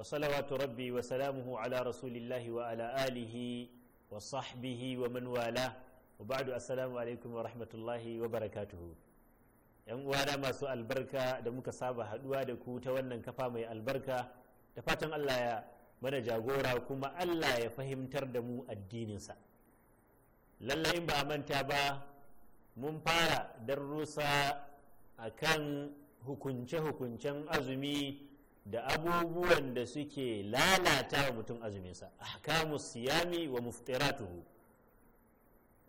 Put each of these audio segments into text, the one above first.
وصلوات ربي وسلامه على رسول الله وعلى آله وصحبه ومن والاه وبعد السلام عليكم ورحمة الله وبركاته yan uwana masu albarka da muka saba haduwa da ku ta wannan kafa mai albarka da fatan Allah ya mana jagora kuma Allah ya fahimtar da mu addininsa lallai in ba manta ba mun fara darussa akan hukunce-hukuncen azumi da abubuwan da suke lalata wa mutum azuminsa ahkamu siyami wa muftiratuhu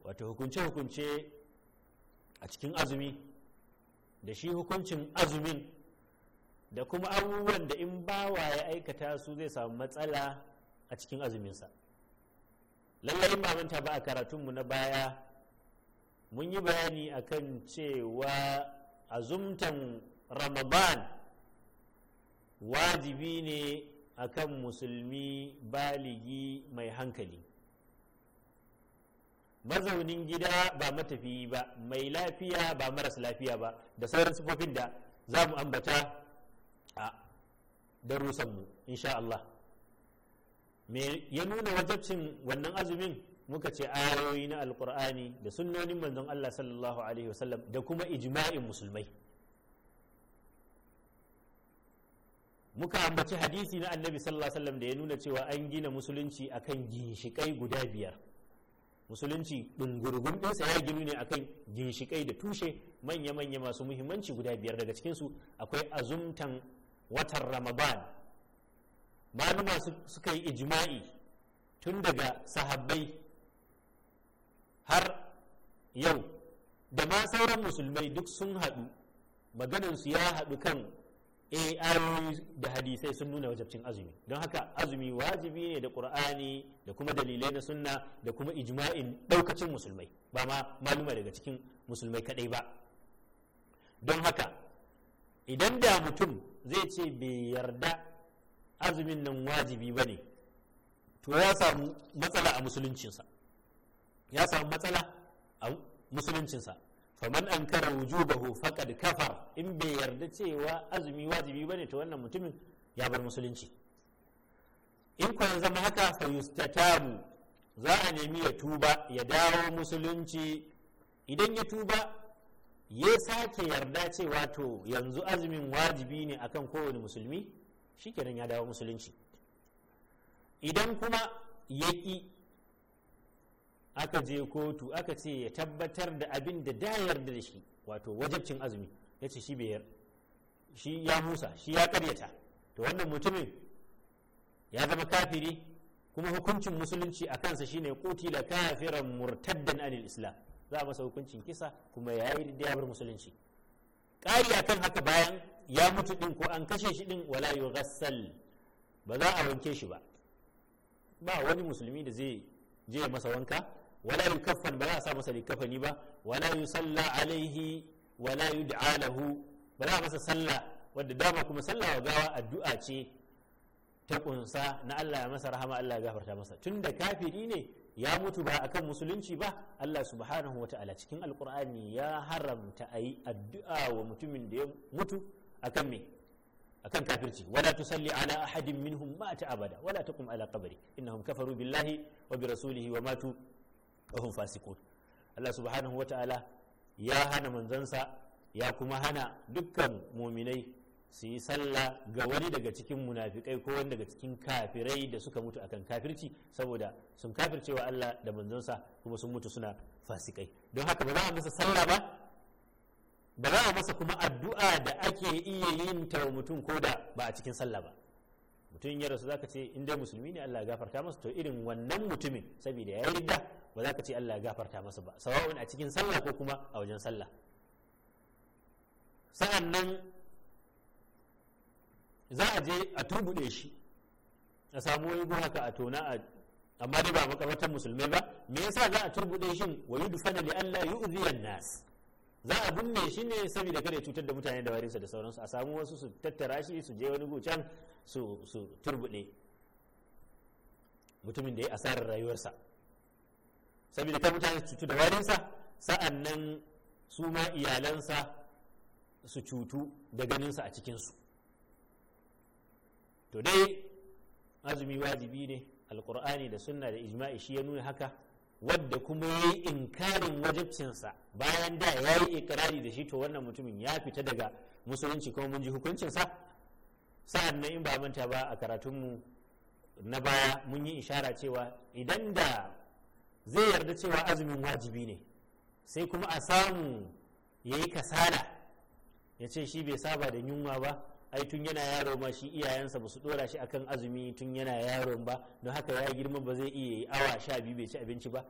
wato hukunce-hukunce a cikin azumi da shi hukuncin azumin da kuma abubuwan da in bawa ya aikata su zai samu matsala a cikin azuminsa lallai ba manta ba a karatunmu na baya mun yi bayani akan cewa azumtan ramadan wajibi ne akan musulmi baligi mai hankali mazaunin gida ba matafi ba mai lafiya ba maras lafiya ba da sauran sufofin da za mu ambata a darussanmu insha Allah me ya nuna wajabcin wannan azumin muka ce ayoyi na alkur'ani da sunnonin manzon Allah sallallahu alaihi wasallam da kuma ijma'in musulmai muka ambaci hadisi na annabi sallallahu alaihi wasallam da ya nuna cewa an gina musulunci akan ginshikai guda biyar musulunci ɗungurgun ɗinsa ya ginu ne akan ginshikai da tushe manya-manya masu muhimmanci guda biyar daga cikinsu akwai azumtan watan ramadan maluma suka yi ijma'i tun daga sahabbai har yau da ma sauran musulmai duk sun haɗu maganansu ya haɗu kan eh ayoyi da hadisai sun nuna wajabcin azumi don haka azumi wajibi ne da qur'ani da kuma dalilai na sunna da kuma ijma'in daukacin musulmai ba ma maluma daga cikin musulmai kadai ba don haka idan da mutum zai ce bai yarda azumin nan wajibi ba ne to ya samu matsala a musuluncinsa ya samu matsala a musuluncinsa faman an kara wujubahu faqad kafar in bai yarda cewa azumi wajibi bane to wannan mutumin ya bar musulunci in kuwa zama haka fa za a nemi ya tuba ya dawo musulunci idan ya tuba ya sake yarda cewa to yanzu azumin wajibi ne akan kowane musulmi shikenan ya dawo musulunci idan kuma ya ƙi aka je kotu aka ce ya tabbatar da abin da da da shi wato wajabcin azumi ya ce shi bayar shi ya musa shi ya karyata to wannan mutumin ya zama kafiri kuma hukuncin musulunci a kansa shine kutila kafiran murtaddan anil islam za a masa hukuncin kisa kuma ya yi da yabar musulunci ƙari akan haka bayan ya mutu din ko an kashe shi din wala yughassal ba za a wanke shi ba ba wani musulmi da zai je masa wanka wala yukaffan ba za sa masa likafani ba wala yusalla alaihi wala yud'a lahu ba za masa sallah wadda dama kuma sallah wa gawa addu'a ce ta kunsa na Allah ya masa rahama Allah ya gafarta masa tunda kafiri ne ya mutu ba akan musulunci ba Allah subhanahu wa ta'ala cikin alkur'ani ya haramta a yi addu'a wa mutumin da ya mutu akan me akan kafirci wala tusalli ala ahadin minhum mata abada wala taqum ala qabri innahum kafaru billahi wa bi rasulihi wa matu wa fasikun Allah subhanahu wata'ala ya hana manzansa ya kuma hana dukkan muminai su yi sallah ga wani daga cikin munafikai ko wani daga cikin kafirai da suka mutu akan kafirci saboda sun kafircewa Allah da manzonsa kuma sun mutu suna fasikai don haka ba za a masa sallah ba ba za a masa kuma addu'a da ake iya yin ta mutum ko da ba a cikin sallah ba mutum ya rasu zaka ce in dai musulmi ne Allah ya gafarta masa to irin wannan mutumin saboda ya yi ridda ba za ka ce Allah ya gafarta masa ba sawa'un a cikin sallah ko kuma a wajen sallah sa'an nan za a je a turbuɗe shi a samu wani haka a tona a amma dai ba makamatan musulmai ba me yasa za a turbuɗe shi wa yudfana li Allah yu'dhiyan nas za a binne shi ne saboda kada ya cutar da mutane da warinsa da sauransu a samu wasu su tattara shi su je wani gucan su su turbuɗe mutumin da ya asarar rayuwarsa saboda ta mutane su cutu da warinsa sa'an nan su ma iyalansa su cutu da ganinsa a cikinsu to dai azumi wajibi ne alkur'ani da sunna da ijma'i shi ya nuna haka wadda kuma ya yi inkarin wajibcinsa bayan da ya yi ikirari da shi to wannan mutumin ya fita daga musulunci kuma mun ji hukuncinsa sa'an nan in ba manta ba a karatunmu na baya mun yi ishara cewa idan da zai yarda cewa azumin wajibi ne sai kuma a samu ya yi kasala ya ce shi bai saba da yunwa ba ai tun yana yaro ma shi iyayensa ba su dora shi akan azumi tun yana yaro ba don haka ya girma ba zai iya yi awa sha biyu bai ci abinci ba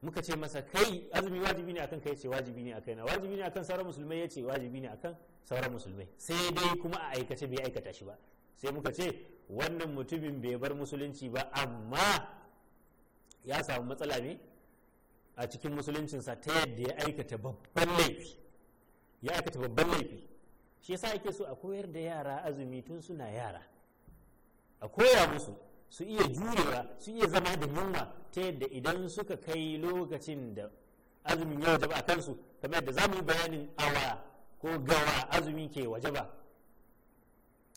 muka ce masa kai azumi wajibi ne akan kai ce wajibi ne akan na wajibi ne akan sauran musulmai ya ce wajibi ne akan sauran musulmai sai dai kuma a aikace bai aikata shi ba sai muka ce wannan mutumin bai bar musulunci ba amma ya samu matsala ne a cikin musuluncinsa ta yadda ya aikata babban laifi ya aikata babban laifi shi yasa ake so a koyar da yara azumi tun suna yara a koya musu su iya jurewa su iya zama da yunwa ta yadda idan suka kai lokacin da azumin ya wajaba a kansu kamar yadda za mu yi bayanin awa ko gawa azumi ke wajaba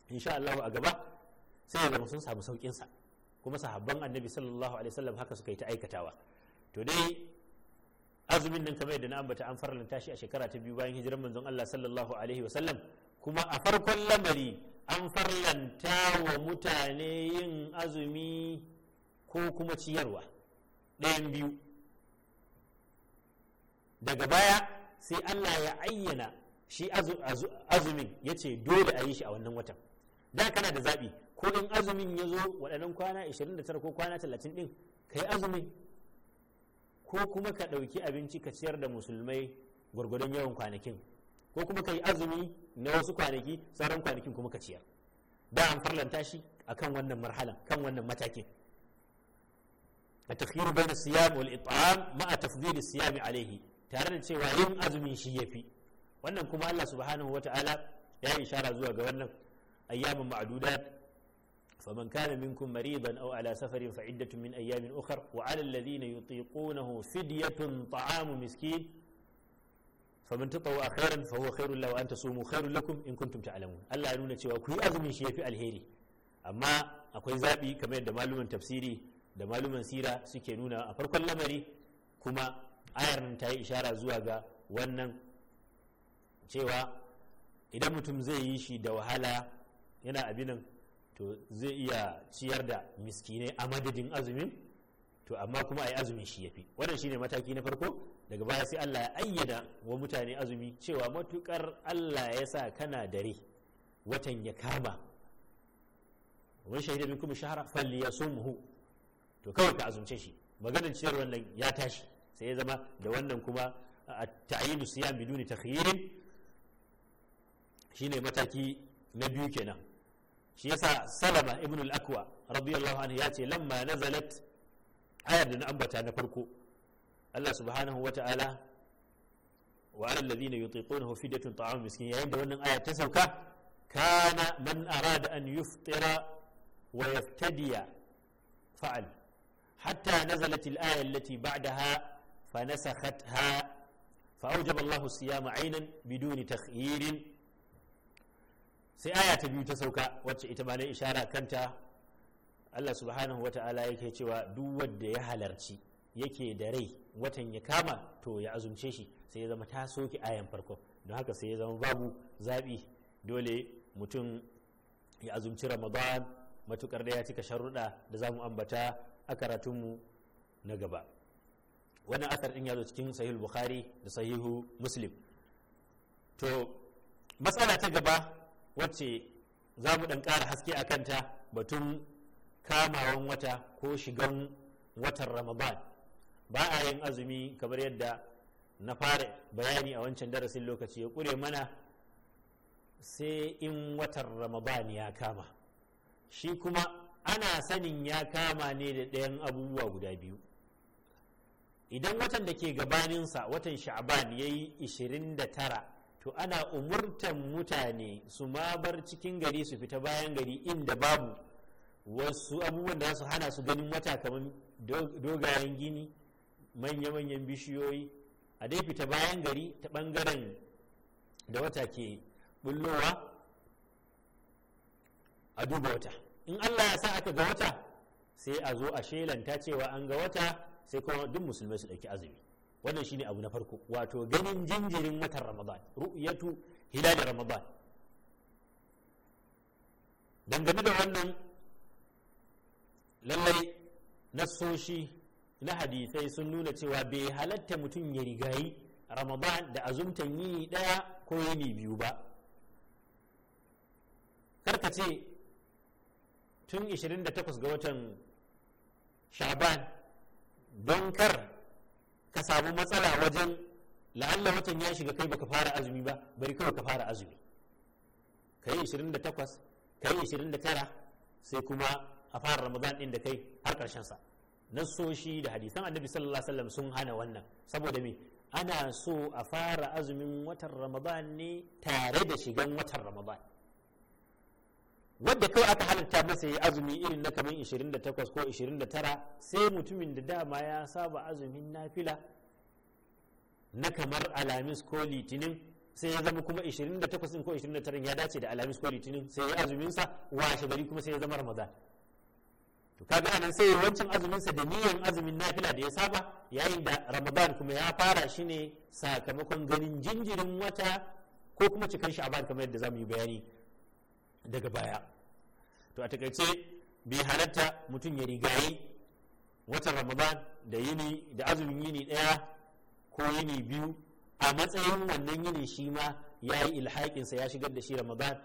insha Allah a gaba sai ya zama sun samu sauƙinsa kuma sahabban annabi sallallahu alaihi wasallam haka suka yi ta aikatawa to dai azumin nan kamar yadda na ambata an farlanta shi a shekara ta biyu bayan hijiran manzon Allah sallallahu alaihi wasallam kuma a farkon lamari an farlanta wa mutane yin azumi ko kuma ciyarwa ɗayan biyu daga baya sai Allah ya ayyana shi azumin ya ce dole a yi shi a wannan watan da kana da zaɓi ko in azumin ya zo waɗannan kwana 29 ko kwana 30 ɗin ka yi azumin ko kuma ka ɗauki abinci ka ciyar da musulmai gwargwadon yawan kwanakin ko kuma ka yi azumi na wasu kwanaki sauran kwanakin kuma ka ciyar ba an farlanta shi akan wannan marhala kan wannan matakin a tafiyar bai التخيير بين الصيام والإطعام مع da siyami alaihi tare da cewa yin azumin shi ya fi wannan kuma Allah subhanahu wa ta'ala ya yi shara zuwa ga wannan ayyamin ma'adudat فمن كان منكم مريضا أو على سفر فعدة من أيام أخر وعلى الذين يطيقونه فدية طعام مسكين فمن تطوع خيرا فهو خير له وأن تصوموا خير لكم إن كنتم تعلمون الله ينون cewa kuyi yi azumin shi fi alheri amma akwai zaɓi kamar yadda maluman tafsiri da maluman sira suke nuna a farkon lamari kuma ayar nan ta yi ishara zuwa ga wannan cewa idan mutum zai yi shi da wahala yana abinan to zai iya ciyar da miskinai a madadin azumin to amma kuma a yi azumin shi ya fi wannan shine mataki na farko daga baya sai Allah ya ayyana wa mutane azumi cewa matukar Allah ya sa kana dare watan ya kama wani shahida kuma shahara falli ya to kawai ka azumce shi maganar ciyar wannan ya tashi sai ya zama da wannan kuma a ta'yinu siyam biduni takhyirin shine mataki na biyu kenan shi yasa salama ibn al-akwa radiyallahu anhu ya ce lamma nazalat ayar da na ambata na farko Allah subhanahu wa ta'ala wa ala alladhina yutiqunahu fidyatun ta'am miskin yayin da wannan aya ta sauka kana man arada an yuftira wa yaftadiya fa'al hatta nazalat al-aya allati ba'daha fa nasakhatha fa awjaba Allahu siyama 'aynan biduni takhyir sai aya ta biyu ta sauka wacce ita malai ishara kanta Allah subhanahu wa ta'ala yake cewa duk wanda ya halarci yake da rai watan ya kama to ya azumce shi sai ya zama ta soke ayan farko don haka sai ya zama babu zaɓi dole mutum ya azumci ramadan matukar da ya cika sharuɗa da zamu ambata a karatunmu na gaba wannan asar din ya zo cikin sahihul bukhari da sahihu muslim to matsala ta gaba wacce za mu ɗan ƙara haske a kanta batun kamawan wata ko shigan watan ramadan ba a yin azumi kamar yadda na fara bayani a wancan darasin lokaci ya ƙure mana sai in watan ramadan ya kama shi kuma ana sanin ya kama ne da ɗayan abubuwa guda biyu idan watan da ke gabaninsa watan sha'ban ya yi 29 to ana umurtan mutane su ma bar cikin gari su fita bayan gari inda babu wasu abubuwan da su hana su ganin wata kamar dogayen gini manya-manyan bishiyoyi a dai fita bayan gari ta bangaren da wata ke bullowa a duba wata in allah ya sa aka ga wata sai a zo a shelanta cewa an ga wata sai kuma duk musulmai su ɗauki azumi wannan shine abu na farko wato ganin jinjirin watan ramadan ru'yatu hilal ramadan dangane da wannan lallai nassoshi na hadisai sun nuna cewa bai halatta mutum ya rigayi ramadan da azumtan yi daya ko yini biyu ba karka ce tun 28 ga watan shaban don kar ka samu matsala wajen la'alla watan ya shiga kai baka fara azumi ba bari kawai ka fara azumi ka yi 28 ka yi 29 sai kuma a fara ramadan din da kai har karshen sa nassoshi da hadisan annabi sallallahu alaihi wasallam sun hana wannan saboda me ana so a fara azumin watan ramadan ne tare da shigan watan ramadan wadda kawai aka halatta masa ya azumi irin na kamar 28 ko 29 sai mutumin da dama ya saba azumin nafila na kamar alamis ko litinin sai ya zama kuma 28 ko 29 ya dace da alamis ko litinin sai ya azumin sa washe gari kuma sai ya zama ramadan to kaga anan sai wancan azumin sa da niyan azumin nafila da ya saba yayin da ramadan kuma ya fara shi ne sakamakon ganin jinjirin wata ko kuma cikan sha'aban kamar yadda zamu yi bayani daga baya to a takaice bai halatta mutum ya rigayi watan ramadan da yini da azumin yini daya ko yini biyu a matsayin wannan yini shi ma ya yi ilhaƙinsa ya shigar da shi ramadan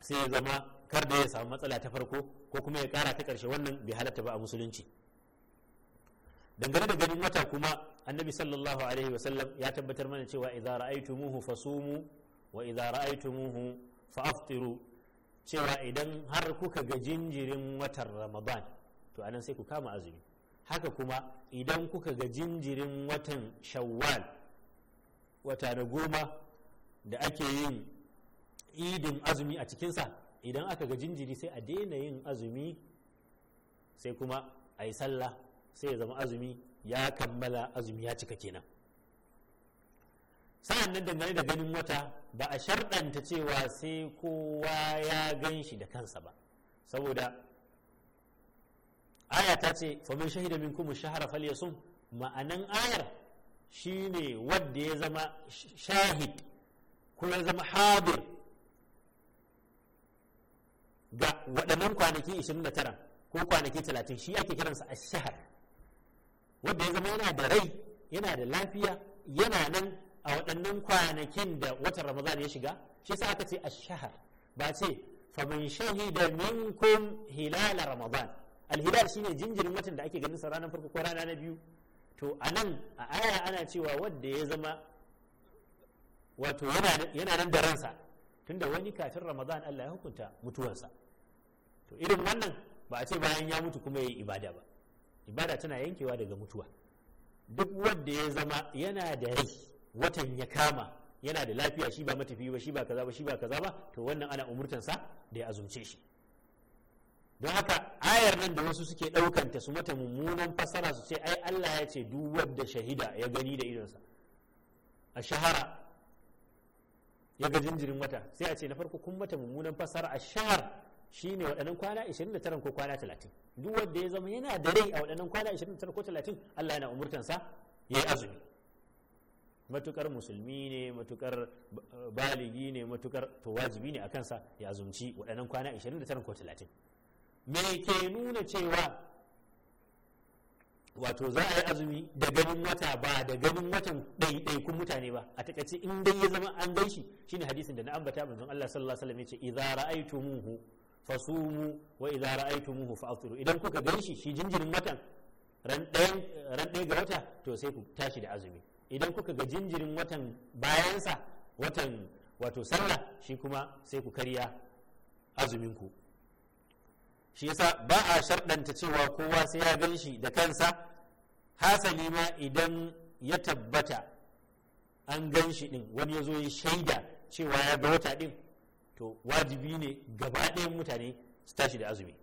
sai ya zama kar da ya samu matsala ta farko ko kuma ya ƙara ta karshe wannan bai halatta ba a musulunci dangane da ganin wata kuma annabi sallallahu alaihi wasallam ya tabbatar mana cewa idza ra'aytumuhu fasumu wa idza ra'aytumuhu fa'aftiru cewa idan har kuka ga jinjirin watan ramadan to anan sai ku kama azumi haka kuma idan kuka ga jinjirin watan shawwal wata na goma da ake yin idin azumi a cikinsa idan aka ga jinjiri sai a daina yin azumi sai kuma a yi sallah sai ya zama azumi ya kammala azumi ya cika kenan sa'an nan dangane da ganin wata ba a sharɗanta cewa sai kowa ya gan shi da kansa ba saboda aya ta ce famin shahida min kuma shahara falyasun ma'anan ayar shine wadda ya zama shahid ko ya zama hadir ga waɗannan kwanaki 29 ko kwanaki 30 shi ake kiransa a shahar wadda ya zama yana da rai yana da lafiya yana nan a waɗannan kwanakin da watan ramadan ya shiga shi sa aka ce a shahar ba ce faman shahida minkum hilal ramadan alhilal shine jinjirin watan da ake ganin sa ranar farko ko rana na biyu to a nan a aya ana cewa wanda ya zama wato yana nan da ransa tunda wani kafin ramadan Allah ya hukunta mutuwarsa to irin wannan ba a ce bayan ya mutu kuma ya yi ibada ba ibada tana yankewa daga mutuwa duk wanda ya zama yana da rai watan ya kama yana da lafiya shi ba matafi ba shi ba kaza ba shi ba kaza ba to wannan ana umurtansa da ya azumce shi don haka ayar nan da wasu suke ɗaukanta su mata mummunan fassara su ce ai Allah ya ce duk wanda shahida ya gani da idonsa a shahara ya ga jinjirin wata sai a ce na farko kun mata mummunan fassara a shahar shine waɗannan kwana 29 ko kwana 30 duk wanda ya zama yana da rai a waɗannan kwana 29 ko 30 Allah yana umurtansa ya yi azumi matukar musulmi ne matukar eh, baligi ne matukar to wajibi ne a kansa ya azumci waɗannan kwana 29 ko 30 me ke nuna cewa wato za a yi azumi da ganin wata ba da ganin watan kun mutane ba a takaice in dai ya zama an gaishi shi ne hadisin da na ambata manzon Allah sallallahu alaihi wasallam yace idza ra'aytumuhu fasumu wa idza ra'aytumuhu fa'tiru idan kuka gan shi shi jinjirin watan ran eh, ɗaya ga wata to sai ku tashi da azumi idan kuka ga jinjirin watan bayansa watan wato sallah shi kuma sai ku karya azumin ku shi yasa ba a sharɗanta cewa kowa sai ya gan shi da kansa hasali ma idan ya tabbata an gan shi ɗin wani ya zo ya shaida cewa ya ga wata din to wajibi ne gaba ɗayan mutane su tashi da azumi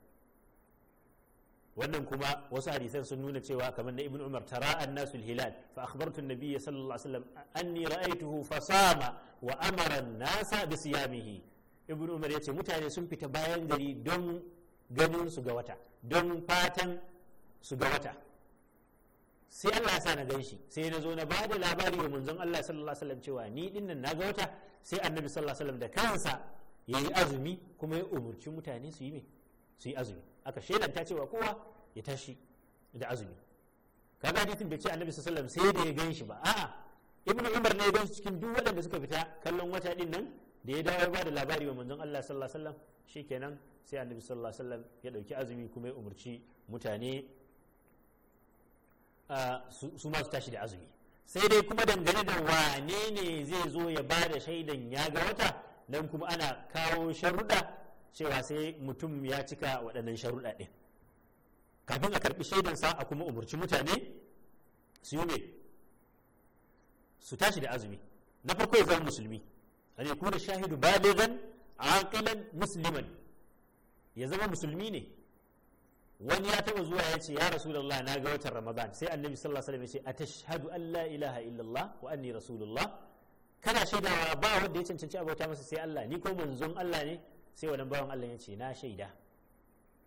wannan kuma wasu hadisan sun nuna cewa kamar na ibn umar tara annasu hilal fa akhbartu an-nabiyya sallallahu alaihi wasallam anni ra'aytuhu fa sama wa amara an-nasa bi siyamihi ibn umar yace mutane sun fita bayan gari don ganin su ga wata don fatan su ga wata sai Allah ya sa na ganshi sai na zo na ba da labari wa manzon Allah sallallahu alaihi wasallam cewa ni din nan na ga wata sai annabi sallallahu alaihi wasallam da kansa yayi azumi kuma ya umurci mutane su yi me su yi azumi aka shaidanta cewa kowa ya tashi da azumi kaga hadisin bai ce annabi sallallahu alaihi wasallam sai da ya gan shi ba a'a ibn umar ne ya gan cikin duk waɗanda suka fita kallon wata din nan da ya dawo ba da labari wa manzon Allah sallallahu alaihi wasallam shikenan sai annabi sallallahu alaihi wasallam ya dauki azumi kuma ya umarci mutane su ma su tashi da azumi sai dai kuma dangane da wane ne zai zo ya bada shaidan ya ga wata nan kuma ana kawo sharuɗa cewa sai mutum ya cika waɗannan sharuɗa ɗin kafin a karɓi shaidansa a kuma umarci mutane su yi su tashi da azumi na farko ya zama musulmi a ne kuna shahidu a hankalin musulman ya zama musulmi ne wani ya taɓa zuwa ya ce ya rasulullah na ga watan ramadan sai annabi sallallahu alaihi wasallam ya ce atashhadu an la ilaha illallah wa anni rasulullah kana shaidawa ba wanda ya cancanci abota masa sai Allah ni ko manzon Allah ne sai wannan bawan Allah ya ce na shaida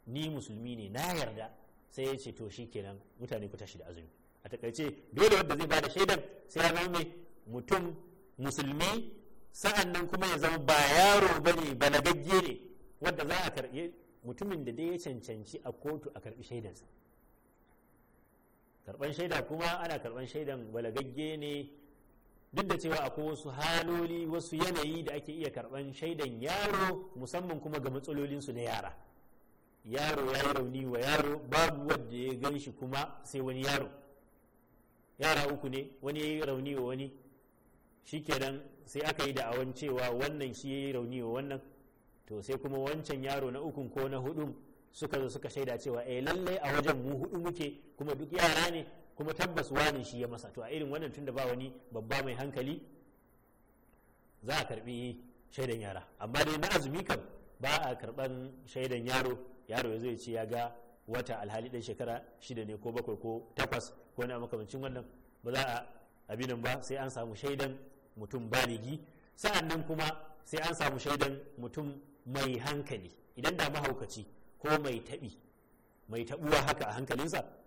ni musulmi ne na yarda sai ya ce to kenan mutane ku tashi da azumi a takaice dole wanda zai bada shaidan sai ya zama mutum musulmi sa'an nan kuma ya zama ba yaro bane balagagge ne wanda za a karɓi mutumin da dai ya cancanci a kotu a karɓi shaidansa karɓan shaida kuma ana karɓan shaidan balagagge ne duk da cewa akwai wasu haloli wasu yanayi da ake iya karban shaidan yaro musamman kuma ga matsalolinsu na yara yaro ya rauni wa yaro babu wadda ya gan shi kuma sai wani yaro yara uku ne wani ya yi rauni wa wani shikenan sai aka yi da'awan cewa wannan shi ya yi rauni wa wannan to sai kuma wancan yaro na ukun ko na hudun suka zo suka shaida cewa eh lallai a wajen mu hudu muke kuma duk yara ne kuma tabbas wani shi ya masa to a irin wannan tunda ba wani babba mai hankali za a karbi shaidan yara amma dai na azumi kam ba a karban shaidan yaro yaro ya zai ce ya ga wata alhali ɗan shekara shida ne ko bakwai ko takwas ko na makamancin wannan ba za a abinan ba sai an samu shaidan mutum baligi sa'an nan kuma sai an samu shaidan mutum mai hankali idan da mahaukaci ko mai taɓi mai taɓuwa haka a hankalinsa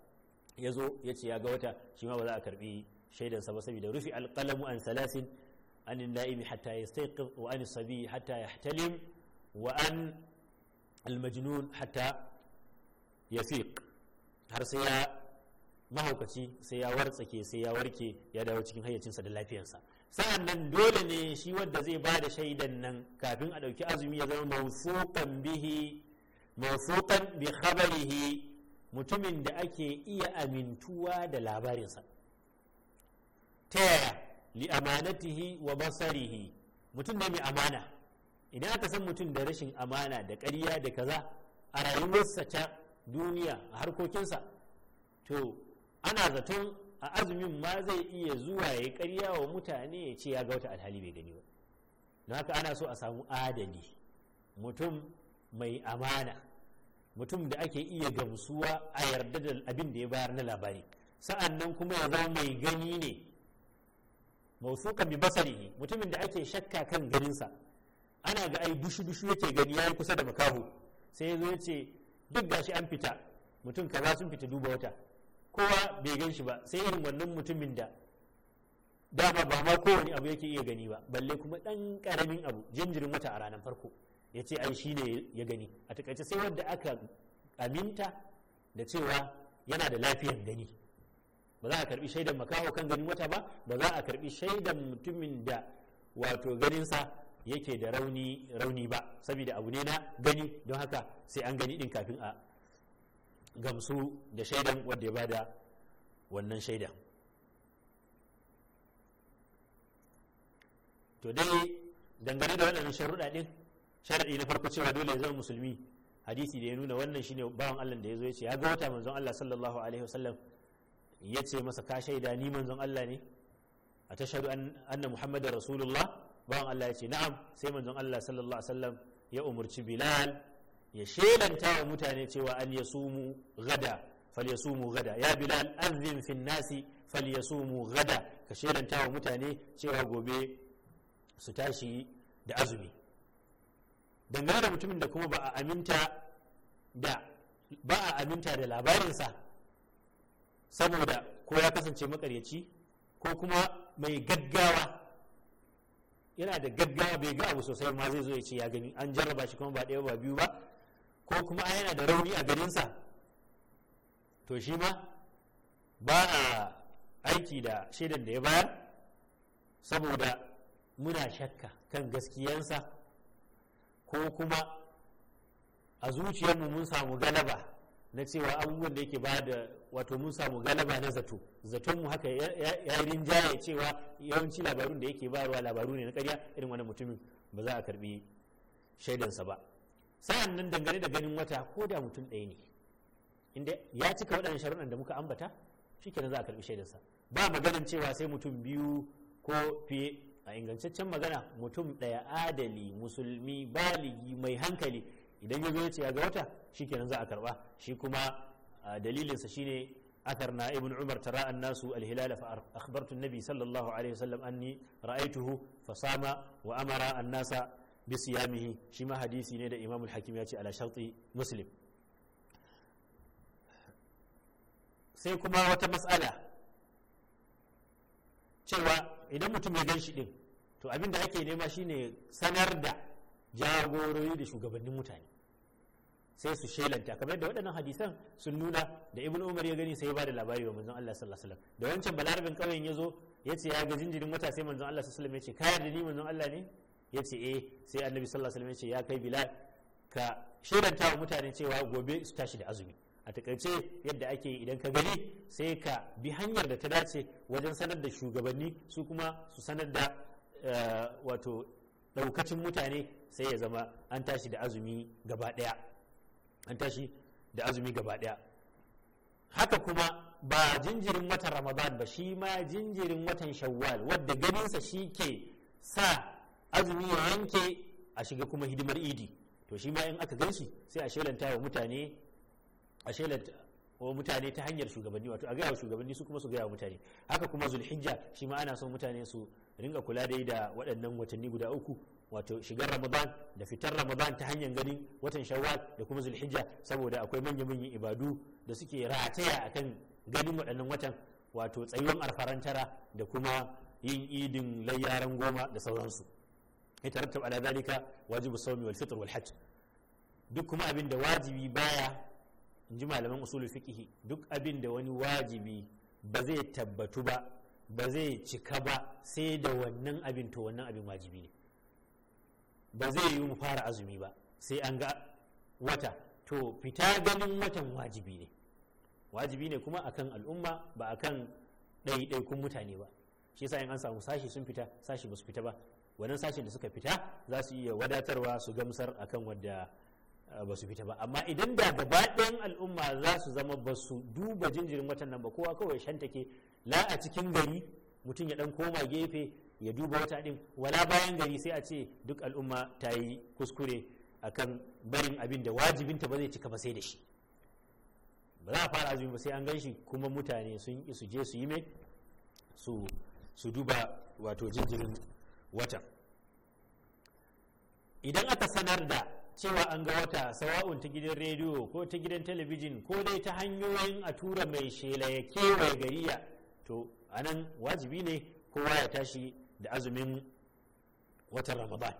ya zo ya ce ya ga wata shi ma ba za a karbi shaidansa ba saboda rufi alƙalamu an salasin an na'imi hatta ya wa an sabi hatta ya wa an almajnun hatta ya har sai ya mahaukaci sai ya wartsake sai ya warke ya dawo cikin hayyacinsa da lafiyarsa sa'an nan dole ne shi wadda zai ba da shaidan nan kafin a ɗauki azumi ya zama mawsuqan bihi mawsuqan bi khabarihi mutumin da ake iya amintuwa da labarinsa ta yaya li amanatihi wa basarihi mutum ne mai amana idan aka san mutum da rashin amana da ƙarya da kaza a rayuwarsa ta duniya a harkokinsa to ana zaton a azumin ma zai iya zuwa ya ƙarya wa mutane ya ce ya ga wata alhali bai gani ba na haka ana so a samu adali mutum mai amana mutum da ake iya gamsuwa a yarda da abin da ya bayar na labari sa'an nan kuma ya zama mai gani ne mausukan bi basarihi mutumin da ake shakka kan ganinsa ana ga ai dushu dushu yake gani ya yayi kusa da makaho sai ya zo ya ce duk gashi an fita mutum kaza sun fita duba wata kowa bai gan shi ba sai irin wannan mutumin da dama ba ma kowane abu yake iya gani ba balle kuma ɗan karamin abu jinjirin wata a ranar farko ya ce ai shi ne ya gani a takaice sai wanda aka aminta da cewa yana da lafiyar gani ba za a karbi shaidan makaho kan ganin wata ba ba za a karbi shaidan mutumin da wato ganinsa yake da rauni rauni ba saboda abu ne na gani don haka sai an gani din kafin a gamsu da shaidan wanda ya bada wannan shaidan to dai dangane da waɗannan sharuɗa ɗin sharadi na farko cewa dole ya zama musulmi hadisi da ya nuna wannan shine bawan Allah da ya zo ya ce ya ga wata manzon Allah sallallahu alaihi wasallam ya ce masa ka shaida ni manzon Allah ne a tashhadu anna muhammadar rasulullah bawan Allah ya ce na'am sai manzon Allah sallallahu alaihi wasallam ya umurci Bilal ya shelanta wa mutane cewa an yasumu gada falyasumu gada ya Bilal azin fin nasi falyasumu gada ka shelanta wa mutane cewa gobe su tashi da azumi dangane da mutumin da kuma ba a aminta da ba labarinsa saboda ko ya kasance makaryaci ko kuma mai gaggawa yana da gaggawa bai ga abu sosai ma zai zo ya ce ya gani an jarraba shi kuma ba ɗaya ba biyu ba ko kuma yana da rauni a garinsa to shi ma ba a aiki da shaidan da ya bayar saboda muna shakka kan gaskiyansa ko kuma a zuciyarmu mun samu galaba na cewa abubuwan da yake ba da wato mun samu galaba na zato zaton mu haka ya yi rinjaye cewa yawanci labarun da yake bayarwa labaru ne na karya irin wani mutumin ba za a karbi shaidansa ba sa'an nan dangane da ganin wata ko da mutum ɗaya ne inda ya cika waɗannan sharuɗan da muka ambata shi kenan za a karbi shaidansa ba maganin cewa sai mutum biyu ko fiye a ingantaccen magana mutum ɗaya adali musulmi baligi mai hankali idan ya zo ya ce ga wata shi kenan za a karɓa shi kuma dalilinsa shi ne athar na umar ta ra'an nasu alhilala fa akhbartu nabi sallallahu alaihi wasallam anni ra'aituhu fa sama wa amara an nasa bi shi ma hadisi ne da imam al-hakim yace ala sharti muslim sai kuma wata mas'ala cewa idan mutum ya gan shi din to abin da ake nema shine sanar da jagorori da shugabannin mutane sai su shelanta kamar yadda waɗannan hadisan sun nuna da ibn umar ya gani sai ya ba da labari wa manzon Allah sallallahu alaihi wasallam da wancan balarabin kauyen ya zo ya ce ya ga jinjirin mata sai manzon Allah sallallahu alaihi wasallam ya ce ka yarda ni manzon Allah ne ya ce eh sai annabi sallallahu alaihi wasallam ya ce ya kai bilal ka shelanta wa mutane cewa gobe su tashi da azumi a takaice yadda ake idan ka gani sai ka bi hanyar da ta dace wajen sanar da shugabanni su kuma su sanar da eh, wato daukacin mutane sai ya zama an tashi da azumi gaba daya an tashi da azumi gaba daya haka kuma ba jinjirin watan ramadan ba shi ma jinjirin watan shawwal wadda ganinsa shi ke sa azumi ya yanke a shiga kuma hidimar idi to shi ma in aka gan shi sai a shelanta wa mutane a shelat wa mutane ta hanyar shugabanni wato a gaya wa shugabanni su kuma su gaya wa mutane haka kuma zulhijja shi ma ana son mutane su ringa kula dai da waɗannan watanni guda uku wato shigar ramadan da fitar ramadan ta hanyar ganin watan shawwal da kuma zulhijja saboda akwai manya-manyan ibadu da suke rataya akan ganin waɗannan watan wato tsayuwan arfarantara da kuma yin idin layyaran goma da sauransu ya tarattab ala zalika wajibu sawmi wal fitr wal hajj duk kuma abin da wajibi baya in ji malaman usulul fiqh duk abin da wani wajibi ba zai tabbatu ba ba zai cika ba sai da wannan abin to wannan abin wajibi ne ba zai yi mu fara azumi ba sai an ga wata to fita ganin watan wajibi ne wajibi ne kuma akan al'umma ba akan ɗaiɗaikun mutane ba shi yasa in an samu sashi sun fita sashi ba su fita ba wannan sashin da suka fita za su iya wadatarwa su gamsar akan wadda ba su fita ba amma idan da gaba ɗayan al'umma za su zama ba su duba jinjirin watan nan ba kowa kawai shantake la a cikin gari mutum ya ɗan koma gefe ya duba wata ɗin wala bayan gari sai a ce duk al'umma ta yi kuskure akan barin abin da wajibinta ba zai cika ba sai da shi ba za a fara azumi ba sai an gan shi kuma mutane sun yi su je su yi mai su duba wato jinjirin watan idan aka sanar da cewa an ga wata sawa'un ta gidan rediyo ko ta gidan talabijin ko dai ta hanyoyin a tura mai shela ya kewaye gariya to anan wajibi ne kowa ya tashi da azumin watan ramadan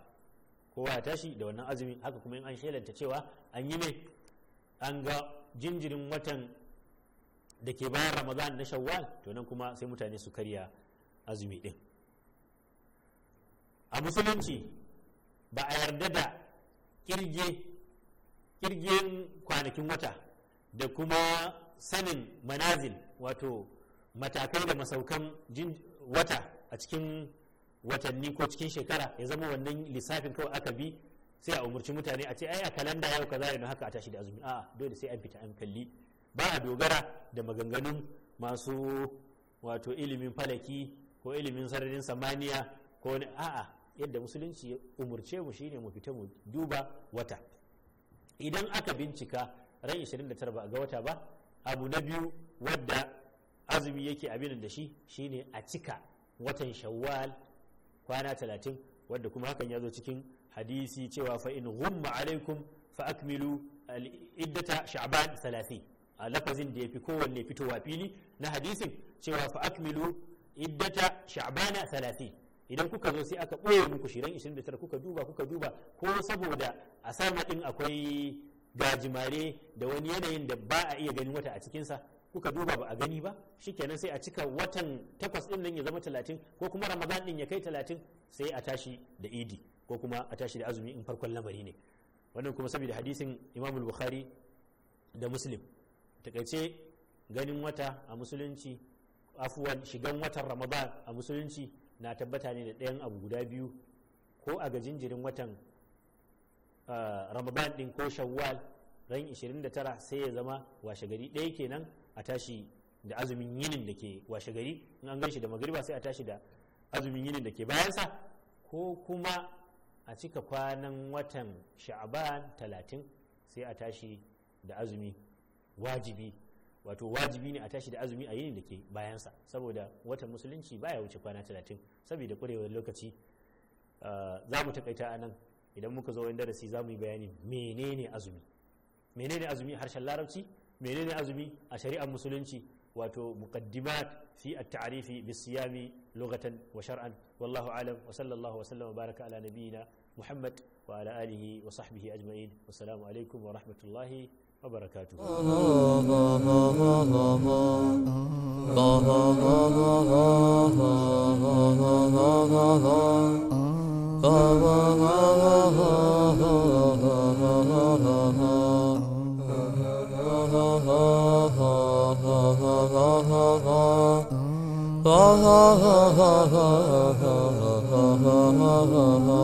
kowa ya tashi da wannan azumin haka kuma in an shelanta cewa an yi mai an ga jinjirin watan da ke bayan ramadan na shawwal to nan kuma sai mutane su karya azumi din a musulunci ba a yarda da kirge kwanakin wata da kuma sanin manazil wato matakai da masaukan wata a cikin watanni ko cikin shekara ya zama wannan lissafin kawai aka bi sai a umarci mutane a ce ai a kalanda yau kaza ne haka a tashi da azumi a'a dole sai an fita an kalli ba a dogara da maganganun masu wato ilimin falaki ko ilimin sararin samaniya ko a'a yadda musulunci ya umurce mu shine mu fita mu duba wata idan aka bincika ran 29 ba ga wata ba abu na biyu wadda azumi yake abin da shi shine a cika watan shawwal kwana 30 wadda kuma hakan ya zo cikin hadisi cewa fa in ghumma alaikum fa akmilu iddata sha'ban 30 a lafazin da yafi kowanne fitowa fili na hadisin cewa fa akmilu iddata sha'bana 30 idan kuka zo sai aka ɓoye muku shirin 29 kuka duba kuka duba ko saboda a sama ɗin akwai gajimare da wani yanayin da ba a iya ganin wata a cikinsa kuka duba ba a gani ba shikenan sai a cika watan takwas ɗin nan ya zama talatin ko kuma ramadan ɗin ya kai talatin sai a tashi da idi ko kuma a tashi da azumi in farkon lamari ne wannan kuma saboda hadisin imamul bukhari da muslim takaice ganin wata a musulunci afuwan shigan watan ramadan a musulunci na tabbata ne da ɗayan abu guda biyu ko a ga jinjirin watan ramadan ɗin ko shawwal ran 29 sai ya zama washe gari ɗaya kenan a tashi da azumin yinin da ke washe gari in an ganshi da magariba sai a tashi da azumin yinin da ke bayansa ko kuma a cika kwanan watan sha'aban talatin sai a tashi da azumi wajibi wato wajibi ne a tashi da azumi a yini da ke bayansa saboda watan musulunci baya wuce kwana talatin saboda kurewar lokaci ah, za mu takaita a nan idan muka zo wani darasi za mu yi bayani menene azumi menene azumi a harshen larabci menene azumi a shari'ar musulunci wato muqaddimat fi at-ta'rifi bis-siyami lughatan wa shar'an wallahu alam wa sallallahu wa sallama baraka ala nabiyyina muhammad wa ala alihi wa sahbihi ajma'in wassalamu alaikum wa rahmatullahi وبركاته Ha ha ha ha ha ha ha ha ha ha